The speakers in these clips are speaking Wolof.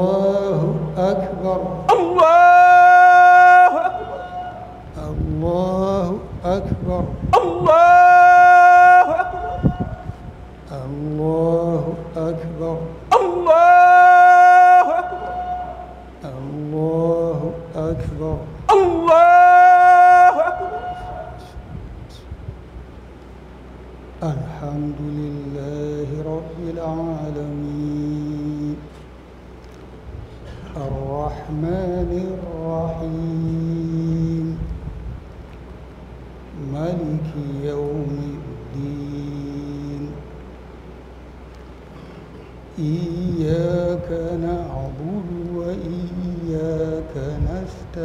الله أكبر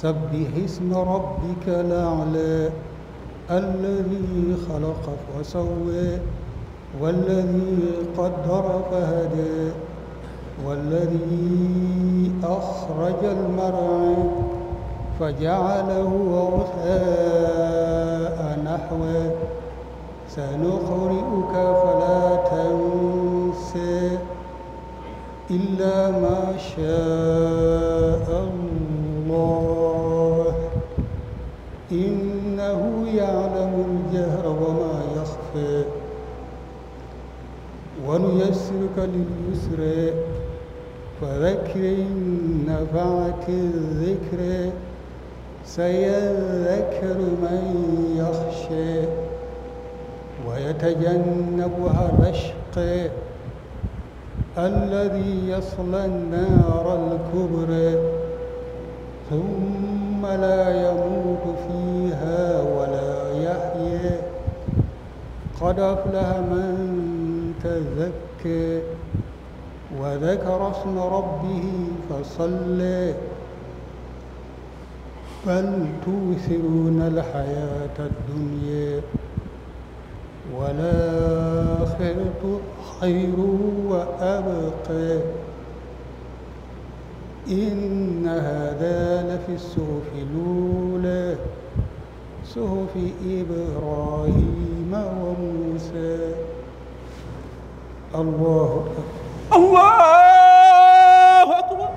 سبح اسم ربك الأعلى الذي خلق فسوى والذي قدر فهدى والذي أخرج المرعى فجعله غثاء نحوه سنقرئك فلا تنسى إلا ما شاء لليسر وذكر نفعت الذكر سيذكر من يخشى ويتجنبها الأشقى الذي يصلى النار الكبرى ثم لا يموت فيها ولا يحيى قد أفلح من تزكى وذكر اسم ربه فصلى بل توثرون الحياة الدنيا والآخرة خير وأبقى إن هذا لفي الصحف الأولى صحف إبراهيم وموسى allahu akbar allahu akbar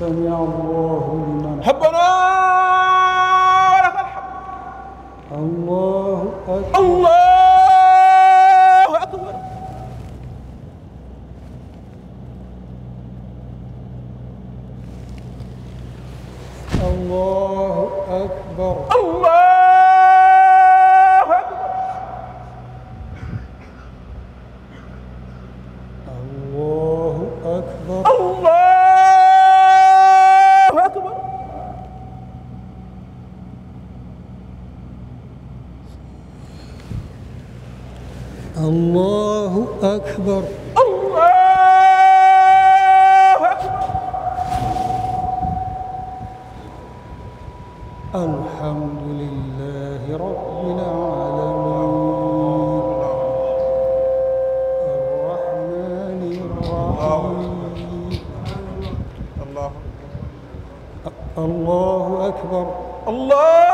sami allahu liman rabbana walakal hamd allahu akbar أكبر الله الحمد لله رب العالمين الرحمن الرحيم الله الله أكبر الله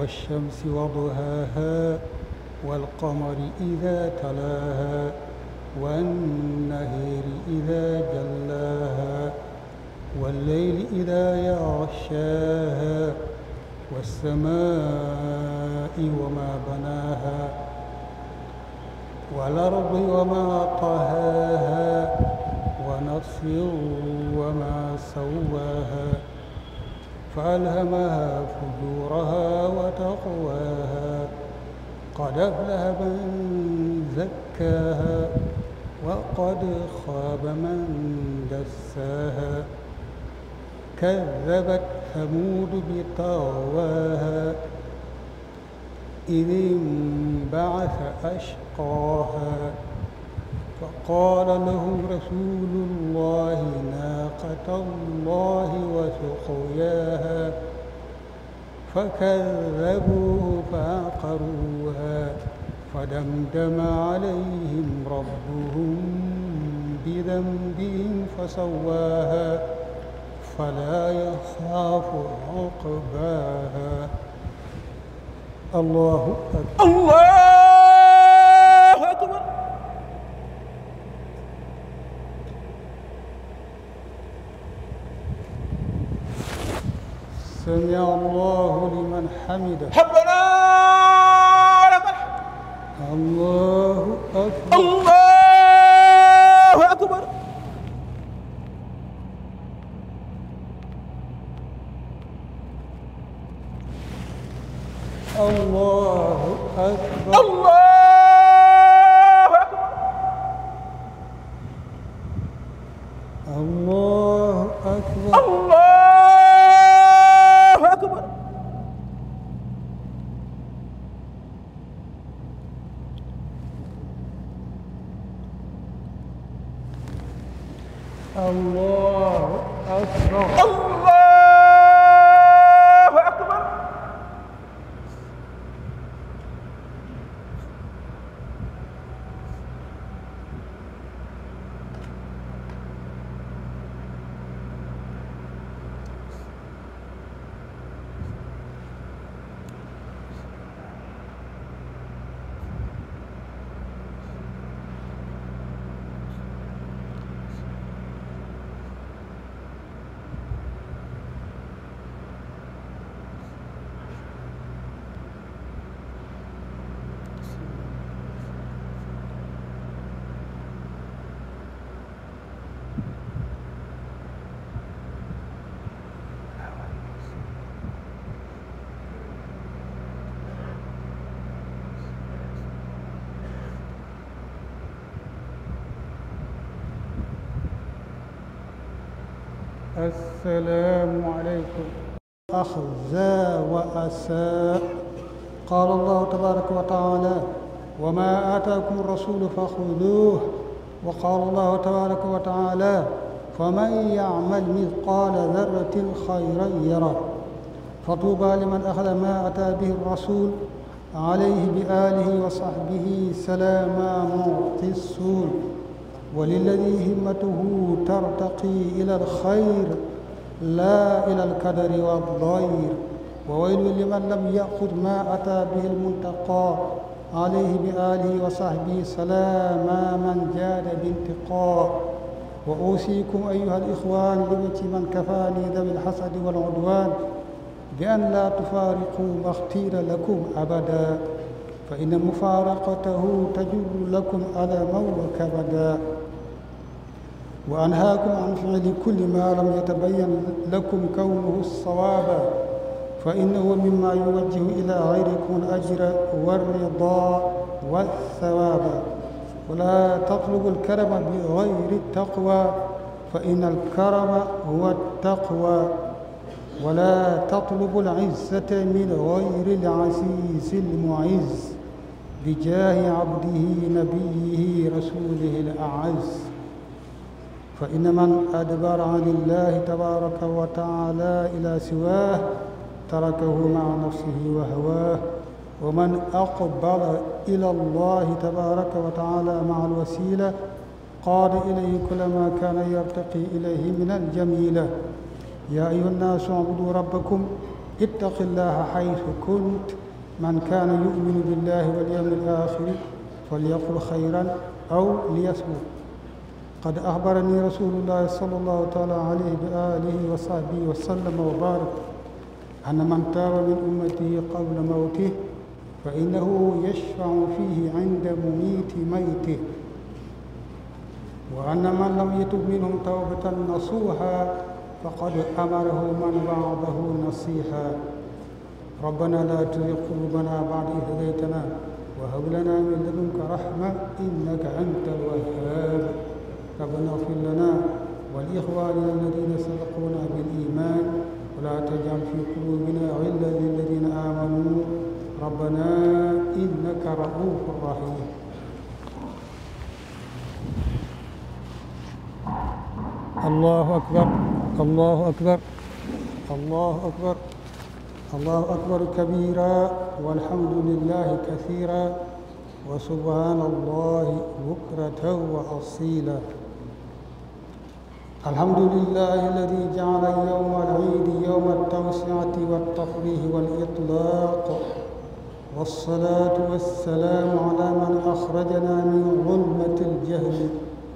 والشمس وضهاها والقمر إذا تلاها والنهير إذا جلاها والليل إذا يغشاها والسماء وما بناها والأرض وما طهاها ونفس وما سواها فألهمها فجورها وتقواها قد أفلح من زكاها وقد خاب من دساها كذبت ثمود بطغواها إذ انبعث أشقاها فقال له رسول الله ناقة الله وسقياها فكذبوه فعقروها فدمدم عليهم ربهم بذنبهم فسواها فلا يخاف عقباها الله أكبر الله سمع الله لمن حمده ربنا لمن الله أكبر الله أكبر الله أكبر الله أكبر الله أكبر الله السلام عليكم أخزى وأساء قال الله تبارك وتعالى وما آتاكم الرسول فخذوه وقال الله تبارك وتعالى فمن يعمل مثقال ذرة خيرا يره فطوبى لمن أخذ ما أتى به الرسول عليه بآله وصحبه سلام معطي السور وللذي همته ترتقي إلى الخير لا إلى الكدر والضير وويل لمن لم يأخذ ما أتى به المنتقى عليه بآله وصحبه سلام من جاد بانتقاء وأوصيكم أيها الإخوان ببت من كفاني ذوي الحسد والعدوان بأن لا تفارقوا ما اختير لكم أبدا فإن مفارقته تجر لكم ألما وكبدا wa anhaakum an fiili kulli maa lam yatabayan lakum kawnuhu sawaaba fa innahu mimma yuwajjihu ilaa gayrikum al ajra walridaa walsawaaba wala tatlubu alkarama bigayri taqwa fa inna alkarama huwa taqwa wala tatlubu alizzata min gayri alasiisi almuizz bijaahi abdihi nabiyihi rasulihi al aazz فإن من أدبر عن الله تبارك وتعالى إلى سواه تركه مع نفسه وهواه ومن أقبل إلى الله تبارك وتعالى مع الوسيلة قاد إليه كل ما كان يرتقي إليه من الجميلة يا أيها الناس اعبدوا ربكم اتق الله حيث كنت من كان يؤمن بالله واليوم الآخر فليقل خيرا أو ليصمت قد أخبرني رسول الله صلى الله تعالى عليه بآله وصحبه وسلم وبارك أن من تاب من أمته قبل موته فإنه يشفع فيه عند مميت ميته وأن من لم يتب منهم توبة نصوحا فقد أمره من بعضه نصيحا ربنا لا تزغ قلوبنا بعد إذ هديتنا وهب لنا من لدنك رحمة إنك أنت الوهاب ربنا اغفر لنا ولإخواننا الذين سبقونا بالإيمان ولا تجعل في قلوبنا غلا للذين آمنوا ربنا إنك رؤوف رحيم الله أكبر الله أكبر الله أكبر الله أكبر كبيرا والحمد لله كثيرا وسبحان الله بكرة وأصيلا الحمد لله الذي جعل يوم العيد يوم التوسعة والتفريح والإطلاق والصلاة والسلام على من أخرجنا من ظلمة الجهل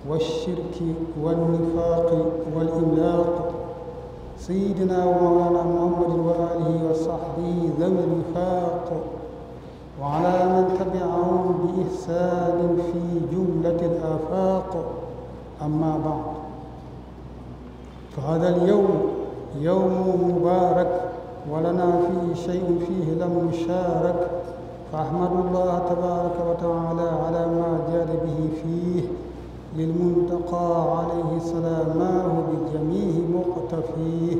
والشرك والنفاق والإملاق سيدنا ومولانا محمد وآله وصحبه ذوي الوفاق وعلى من تبعهم بإحسان في جملة الآفاق أما بعد فهذا اليوم يوم مبارك ولنا فيه شيء فيه لم نشارك فأحمد الله تبارك وتعالى على ما جاد به فيه للمنتقى عليه سلاماه بجميع مقتفيه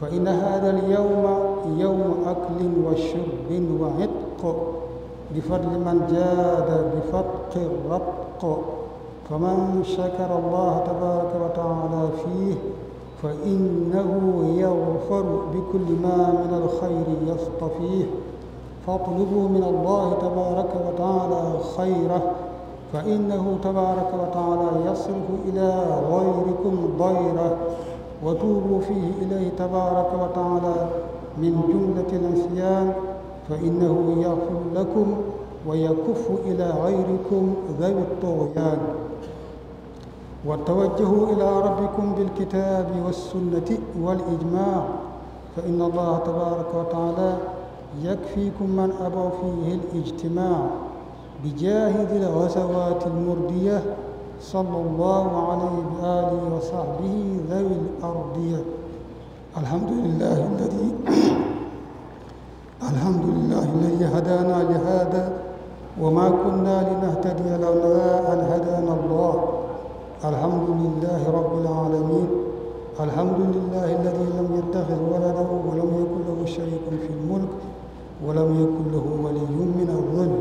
فإن هذا اليوم يوم أكل وشرب وعتق بفضل من جاد بفتق الرتق فمن شكر الله تبارك وتعالى فيه فإنه يغفر بكل ما من الخير يصطفيه فاطلبوا من الله تبارك وتعالى خيره فإنه تبارك وتعالى يصرف إلى غيركم ضيره وتوبوا فيه إليه تبارك وتعالى من جملة العصيان فإنه يغفر لكم ويكف إلى غيركم ذوي الطغيان وتوجهوا إلى ربكم بالكتاب والسنة والإجماع فإن الله تبارك وتعالى يكفيكم من أبى فيه الاجتماع بجاه ذي الغزوات المردية صلى الله عليه بآله وصحبه ذوي الأرضية الحمد لله الذي الحمد لله الذي هدانا لهذا وما كنا لنهتدي لولا أن هدانا الله الحمد لله رب العالمين الحمد لله الذي لم يتخذ ولدا ولم يكن له شريك في الملك ولم يكن له ولي من الظل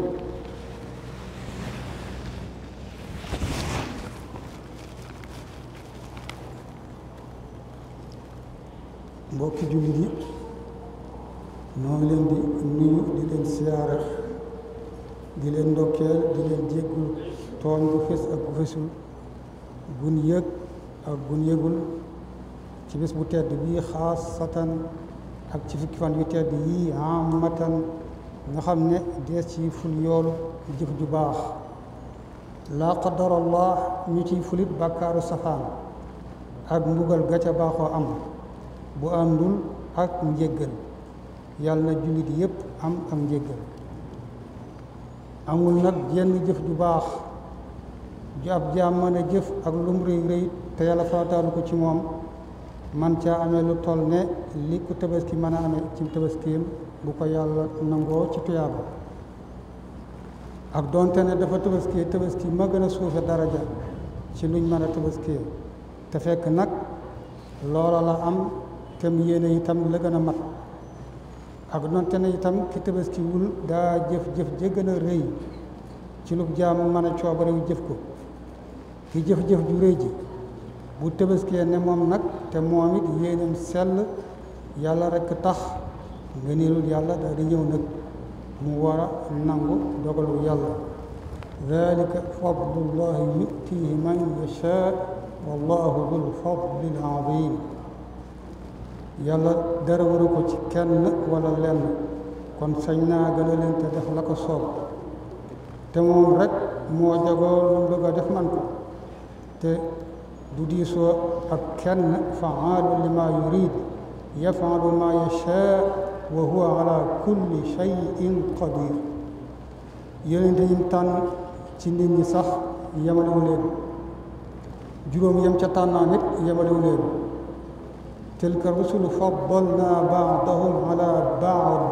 mbokki jullit yi ñoo ngi leen di nuyu di leen siyaara di leen ndokkeel di leen jéggul tooñ bu fës ak bu fësul gun yëg ak gun yëgul ci bu tedd bii xaasatan ak ci fukki fan yu tedd yii amatan nga xam ne dees ci ful yoolu jëf ju baax laa qadarallah ñu ciy fulit bàkkaaru safaan ak mbugal ca baaxoo am bu àndul ak njéggal yàlla na jullit yépp am am njégal amul nag jenn jëf ju baax ju ab jaam mën a jëf ak lum rëy rëy te yàlla farataalu ko ci moom man caa amee lu toll ne li ku tabaski mën a amee ci tabaskiyam bu ko yàlla nangoo ci tuyaaba ak donte ne dafa tabaski tabaski ma gën a suufe daraja ci luñ mën a tabaski te fekk nag loola la am te mu yéene itam la gën a mat ak noonte ne itam ki tabaski wul daa jëf-jëf ja gën a rëy ci lu jaam mën a coobarewu jëf ko ki jëf-jëf ju rëy ji bu tabaskee ne moom nag te moom it yéeneem sell yàlla rekk tax nga niilul yàlla daal di ñëw nag mu war a nangu dogalu yàlla dalika fadlullahi yutihi man yashaa wallahu dul fadlil azim yàlla dara waru ko ci kenn wala lenn kon sañ naa gën a def la ko soob te moom rekk moo jagoo lu mu bëgg a def man te du diisoo ak kenn faalu li ma yurid yafalu ma yashaa wa huwa ala kulli shay'in qadir yonente yi mu tànn ci nit ñi sax yemalewu leen juróom yem ca tànnaa nit yemalewu leen tilka rusulu faddalna baadahum ala baad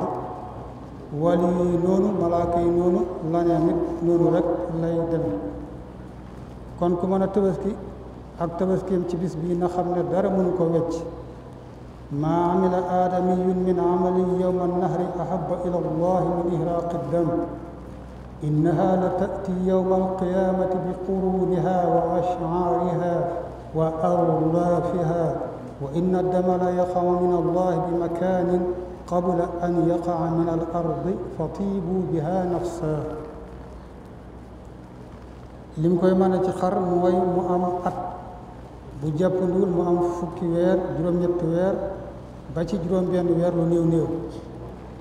wali yi noonu malaaka yi noonu laneen it noonu rek lay demee kon ku mën a tabaski ak tabaskiyam ci bis bii na xam ne dara mënu ko wecc maa amila aadamiyun min amalin yowma annahri ahaba ila allahi min ihraaqi dam innaha la taati yowma alqiyaamati bi quruniha wa ashcaariha wa arlaafiha وإن الدم لا يقع من الله بمكان قبل أن يقع من الأرض فطيبوا بها نفسا li mu koy mën ci xar mooy mu am at bu jàppandul mu am fukki weer juróom-ñetti weer ba ci juróom-benn weer lu néew néew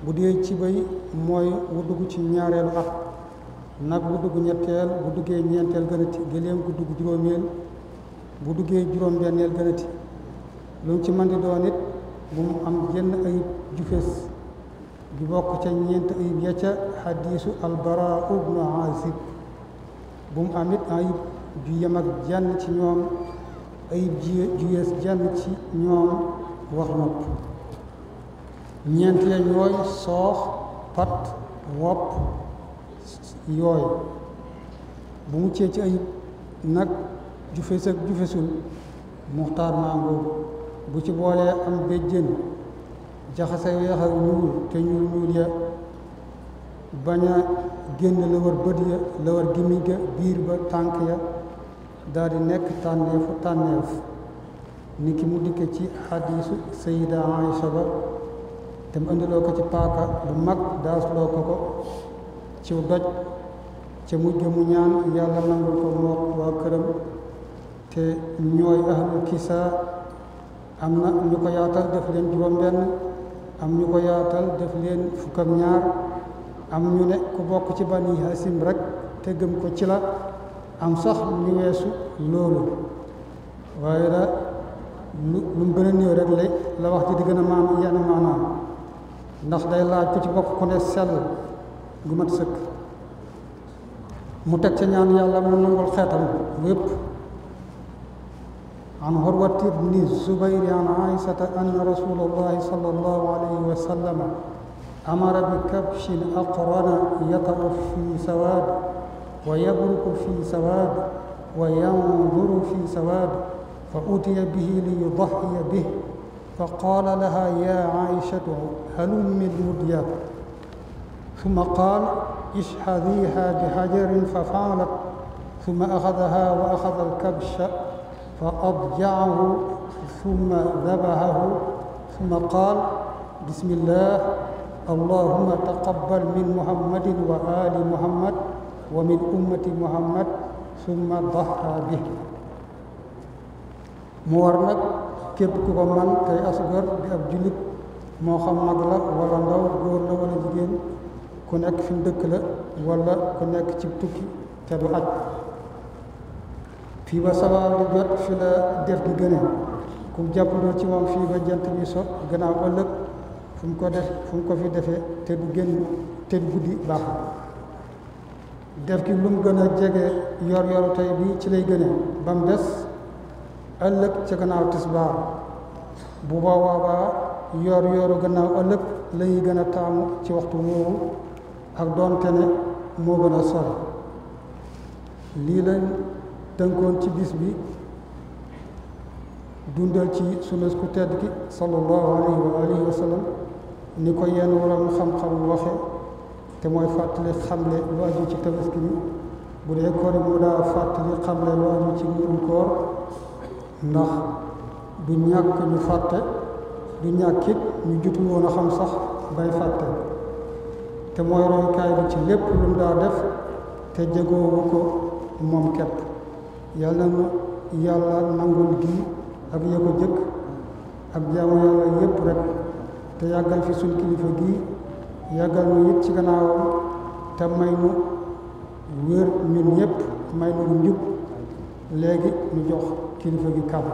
bu dee ci bay mooy wu dugg ci ñaareelu at nag bu dugg ñetteel bu duggee ñeenteel gënati gëléem gu dugg juróomeel bu duggee juróom-benneel gënati lu ci mën di doon it bu mu am yenn ayib ju fees di bokk ca ñeent ayib ya ca xadiisu albara ubnu azib bu mu am it ayib ju yem ci ñoom ayib wax nopp ñeent ya ñooy soox pat wopp yooy bu mu cee ci ayib nag ju fees ak ju muxtaar maa ngoogu bu ci boolee am béjjën jaxase weex ak te ñuul ñuul ya bañ génn la war bët ya la war ga biir ba tànk ya daal nekk tànneefu tànneef ni ki mu dikk ci xadiisu sayida Aïcha ba te mu indiloo ko ci paaka bu mag daasloo ko ko ciw doj ca mujj mu ñaan yàlla nangul ko moo waa këram te ñooy ahlu kisaa am na ñu ko yaatal def leen juróom-benn am ñu ko yaatal def leen fukk ñaar am ñu ne ku bokk ci bani hasim rek te gëm ko ci la am sax ñu weesu loolu waaye da lu lu mu gën a néew rek la la wax ci di gën a maan yenn maanaam ndax day laaj ku ci bokk ku ne sell gu mat sëkk mu teg ca ñaan yàlla mu nangul xeetam bu عن عروة بن الزبير عن عائشة أن رسول الله صلى الله عليه وسلم أمر بكبش أقرن يطأ في سواد ويبرك في سواد وينظر في سواد فأتي به ليضحي به فقال لها يا عائشة هلم الوديا ثم قال اشحذيها بحجر ففعلت ثم أخذها وأخذ الكبش فأضجعه ثم ذبحه ثم قال بسم الله اللهم تقبل من محمد وآل محمد ومن أمة محمد ثم ضحى به mu war nag képp ku ko man tey asgar bi ab jullit moo xam mag la wala ndaw góor la wala jigéen ku nekk fi mu dëkk la wala ku nekk ci tukki te du aj fii ba sabar di jot fi la def gi gëne ku jàppandoo ci moom fii ba jant bi so gannaaw ëllëg fu ko def fu ko fi defee te du génn te guddi baaxul def gi lu gën a jege yor yoru tey bi ci lay gëne ba mu des ëllëg ca gannaaw tisbaar bu boobaa ba yor yoru gannaaw ëllëg la gën a taamu ci waxtu woowu ak doonte ne moo gën a sori tënkoon ci bis bi dundal ci sunas ku tedd ki sallallahu alayhi wa alihi ni ko yenn waroon xam-xam waxe te mooy fàttali xamle lu aju ci tabaski bu dee koor fàttali xamle lu aju ci mbirum koor ndax du ñàkk ñu fàtte du ñàkk ñu jutul a xam sax bay fàtte te mooy royukaay bi ci lépp lu mu daa def te jegoowu ko moom képp yàlla na yàlla nangul gi ak ya ko jëkk ak jaamu yàlla yépp rek te yàggal fi suñ kilifa gi yàggal mu it ci gannaawam te may nu wér ñun ñëpp may nu njub léegi ñu jox kilifa gi kàddu